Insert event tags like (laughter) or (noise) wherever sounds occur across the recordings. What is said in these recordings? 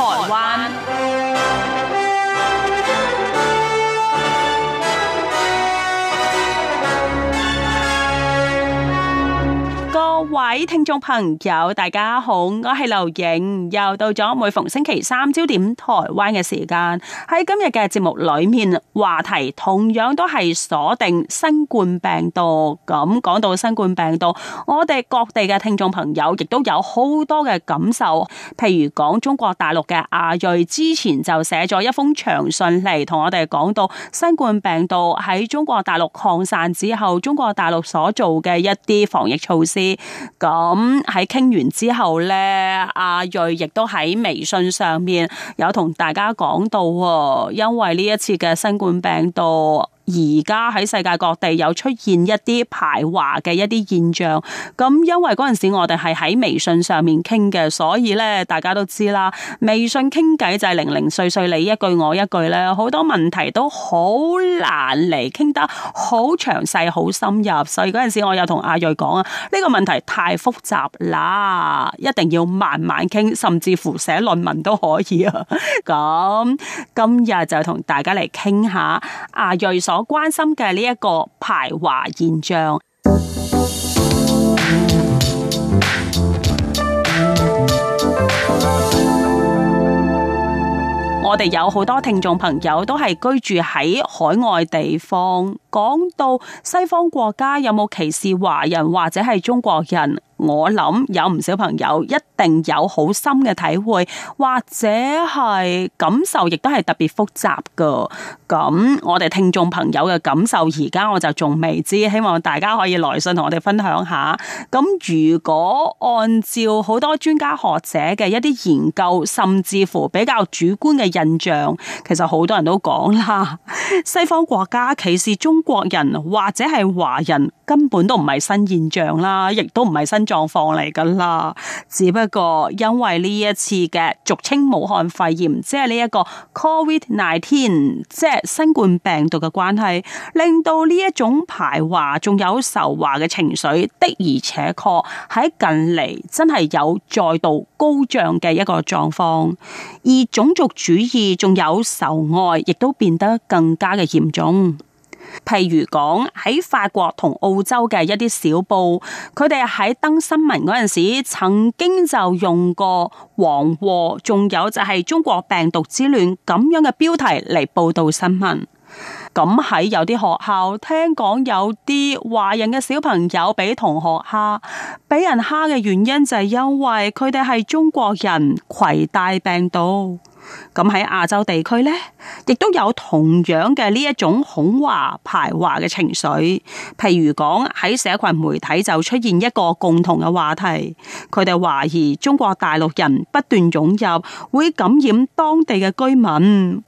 台灣。位聽眾朋友，大家好，我係劉影，又到咗每逢星期三焦點台灣嘅時間。喺今日嘅節目裏面，話題同樣都係鎖定新冠病毒。咁講到新冠病毒，我哋各地嘅聽眾朋友亦都有好多嘅感受。譬如講中國大陸嘅阿睿之前就寫咗一封長信嚟，同我哋講到新冠病毒喺中國大陸擴散之後，中國大陸所做嘅一啲防疫措施。咁喺傾完之後咧，阿瑞亦都喺微信上面有同大家講到，因為呢一次嘅新冠病毒。而家喺世界各地有出現一啲排華嘅一啲現象，咁因為陣時我哋係喺微信上面傾嘅，所以咧大家都知啦。微信傾偈就係零零碎碎，你一句我一句咧，好多問題都好難嚟傾得好詳細好深入。所以陣時我有同阿瑞講啊，呢個問題太複雜啦，一定要慢慢傾，甚至乎寫論文都可以啊。咁 (laughs) 今日就同大家嚟傾下阿瑞所關心嘅呢一個排華現象， (music) 我哋有好多聽眾朋友都係居住喺海外地方，講到西方國家有冇歧視華人或者係中國人？我諗有唔少朋友一定有好深嘅體會，或者係感受，亦都係特別複雜噶。咁我哋聽眾朋友嘅感受，而家我就仲未知，希望大家可以來信同我哋分享下。咁如果按照好多專家學者嘅一啲研究，甚至乎比較主觀嘅印象，其實好多人都講啦，西方國家歧視中國人或者係華人，根本都唔係新現象啦，亦都唔係新狀況嚟噶啦，只不過因為呢一次嘅俗稱武漢肺炎，即係呢一個 Covid nineteen，即係新冠病毒嘅關係，令到呢一種排華仲有仇華嘅情緒的而且確喺近嚟真係有再度高漲嘅一個狀況，而種族主義仲有仇外，亦都變得更加嘅嚴重。譬如講喺法國同澳洲嘅一啲小報，佢哋喺登新聞嗰陣時，曾經就用過黃禍，仲有就係中國病毒之亂咁樣嘅標題嚟報道新聞。咁喺有啲學校，聽講有啲華人嘅小朋友俾同學蝦，俾人蝦嘅原因就係因為佢哋係中國人攜帶病毒。咁喺亞洲地區咧，亦都有同樣嘅呢一種恐華、排華嘅情緒。譬如講，喺社群媒體就出現一個共同嘅話題，佢哋懷疑中國大陸人不斷湧入，會感染當地嘅居民。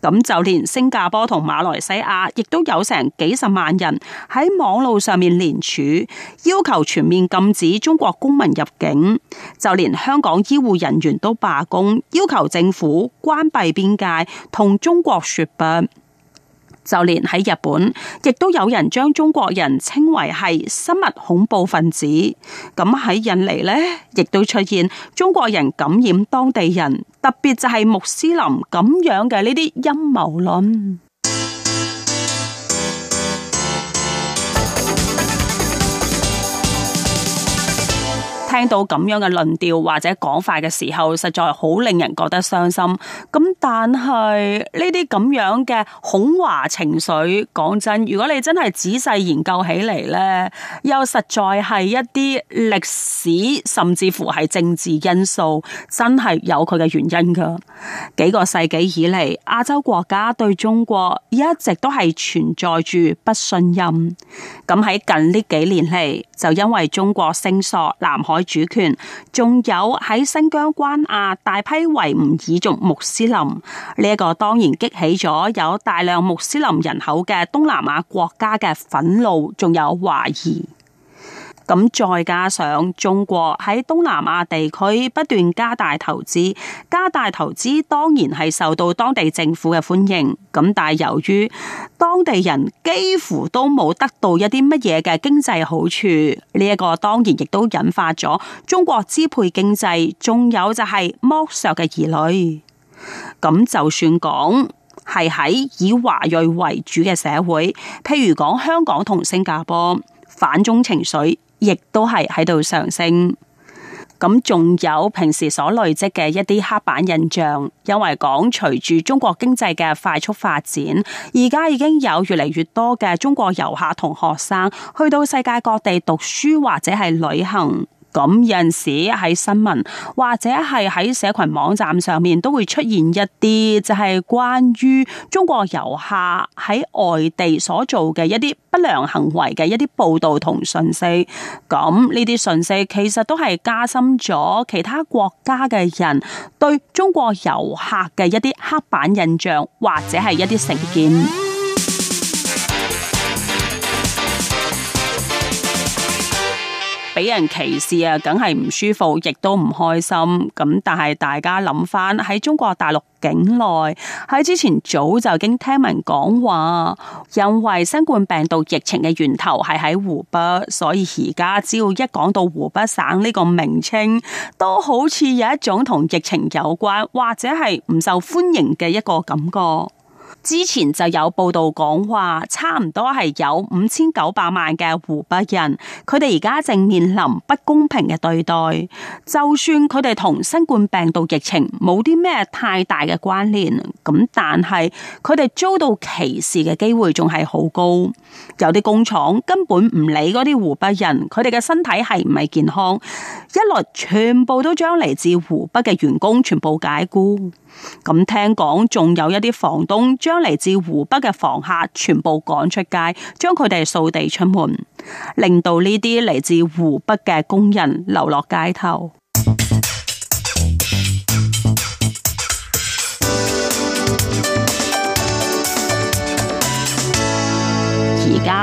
咁就連新加坡同馬來西亞，亦都有成幾十萬人喺網路上面聯署，要求全面禁止中國公民入境；就連香港醫護人員都罷工，要求政府關閉邊界，同中國說不。就連喺日本，亦都有人將中國人稱為係生物恐怖分子。咁喺印尼呢，亦都出現中國人感染當地人，特別就係穆斯林咁樣嘅呢啲陰謀論。聽到咁樣嘅論調或者講法嘅時候，實在好令人覺得傷心。咁但係呢啲咁樣嘅恐華情緒，講真，如果你真係仔細研究起嚟呢，又實在係一啲歷史，甚至乎係政治因素，真係有佢嘅原因噶。幾個世紀以嚟，亞洲國家對中國一直都係存在住不信任。咁喺近呢幾年嚟，就因為中國聲索南海主權，仲有喺新疆關押大批維吾爾族穆斯林，呢、這、一個當然激起咗有大量穆斯林人口嘅東南亞國家嘅憤怒，仲有懷疑。咁再加上中國喺東南亞地區不斷加大投資，加大投資當然係受到當地政府嘅歡迎。咁但係由於當地人幾乎都冇得到一啲乜嘢嘅經濟好處，呢一個當然亦都引發咗中國支配經濟，仲有就係剝削嘅疑慮。咁就算講係喺以華裔為主嘅社會，譬如講香港同新加坡，反中情緒。亦都係喺度上升，咁仲有平時所累積嘅一啲刻板印象，因為講隨住中國經濟嘅快速發展，而家已經有越嚟越多嘅中國遊客同學生去到世界各地讀書或者係旅行。咁有陣時喺新聞或者係喺社群網站上面都會出現一啲就係關於中國遊客喺外地所做嘅一啲不良行為嘅一啲報道同訊息。咁呢啲訊息其實都係加深咗其他國家嘅人對中國遊客嘅一啲刻板印象或者係一啲成見。俾人歧視啊，梗係唔舒服，亦都唔開心。咁但係大家諗翻喺中國大陸境內，喺之前早就已經聽聞講話，因為新冠病毒疫情嘅源頭係喺湖北，所以而家只要一講到湖北省呢個名稱，都好似有一種同疫情有關或者係唔受歡迎嘅一個感覺。之前就有報道講話，差唔多係有五千九百萬嘅湖北人，佢哋而家正面臨不公平嘅對待。就算佢哋同新冠病毒疫情冇啲咩太大嘅關聯，咁但係佢哋遭到歧視嘅機會仲係好高。有啲工廠根本唔理嗰啲湖北人，佢哋嘅身體係唔係健康，一來全部都將嚟自湖北嘅員工全部解雇。咁聽講，仲有一啲房東將嚟自湖北嘅房客全部趕出街，將佢哋掃地出門，令到呢啲嚟自湖北嘅工人流落街頭。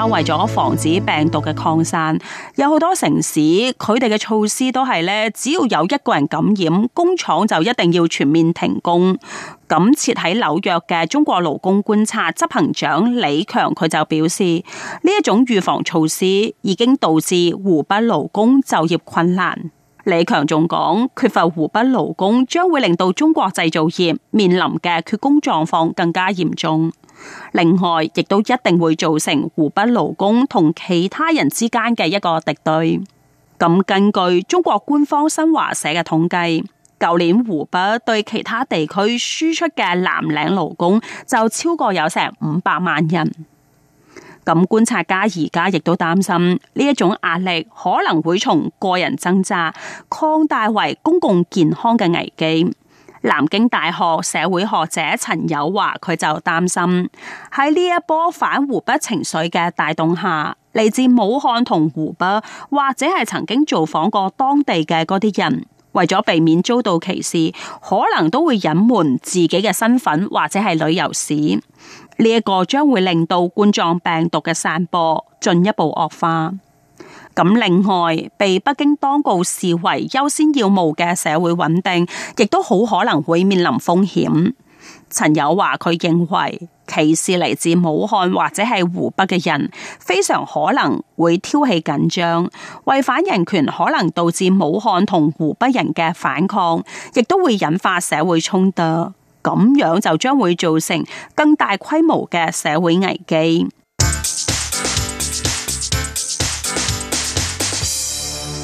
為咗防止病毒嘅擴散，有好多城市佢哋嘅措施都係咧，只要有一個人感染，工廠就一定要全面停工。咁設喺紐約嘅中國勞工觀察執行長李強佢就表示，呢一種預防措施已經導致湖北勞工就業困難。李強仲講，缺乏湖北勞工將會令到中國製造業面臨嘅缺工狀況更加嚴重。另外，亦都一定會造成湖北勞工同其他人之間嘅一個敵對。咁根據中國官方新華社嘅統計，舊年湖北對其他地區輸出嘅藍領勞工就超過有成五百萬人。咁觀察家而家亦都擔心呢一種壓力可能會從個人掙扎擴大為公共健康嘅危機。南京大學社會學者陳友華佢就擔心喺呢一波反湖北情緒嘅帶動下，嚟自武漢同湖北或者係曾經造訪過當地嘅嗰啲人，為咗避免遭到歧視，可能都會隱瞞自己嘅身份或者係旅遊史。呢、這、一個將會令到冠狀病毒嘅散播進一步惡化。咁另外，被北京當局視為優先要務嘅社會穩定，亦都好可能會面臨風險。陳友華佢認為，歧視嚟自武漢或者係湖北嘅人，非常可能會挑起緊張，違反人權，可能導致武漢同湖北人嘅反抗，亦都會引發社會衝突。咁樣就將會造成更大規模嘅社會危機。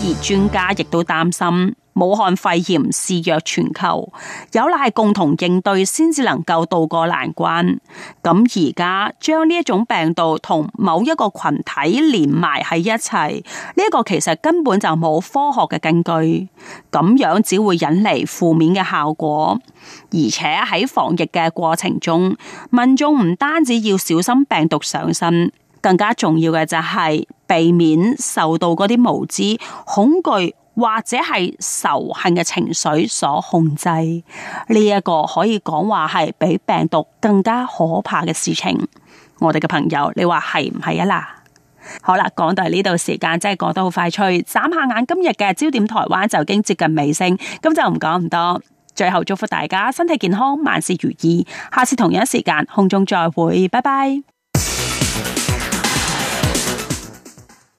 而專家亦都擔心，武漢肺炎肆虐全球，有賴共同應對先至能夠渡過難關。咁而家將呢一種病毒同某一個群體連埋喺一齊，呢一個其實根本就冇科學嘅根據，咁樣只會引嚟負面嘅效果，而且喺防疫嘅過程中，民眾唔單止要小心病毒上身。更加重要嘅就係避免受到嗰啲無知、恐懼或者係仇恨嘅情緒所控制。呢一個可以講話係比病毒更加可怕嘅事情。我哋嘅朋友，你話係唔係啊？嗱，好啦，講到呢度時間真係過得好快脆，眨下眼今日嘅焦點台灣就已經接近尾聲，咁就唔講咁多。最後祝福大家身體健康，萬事如意。下次同樣時間空中再會，拜拜。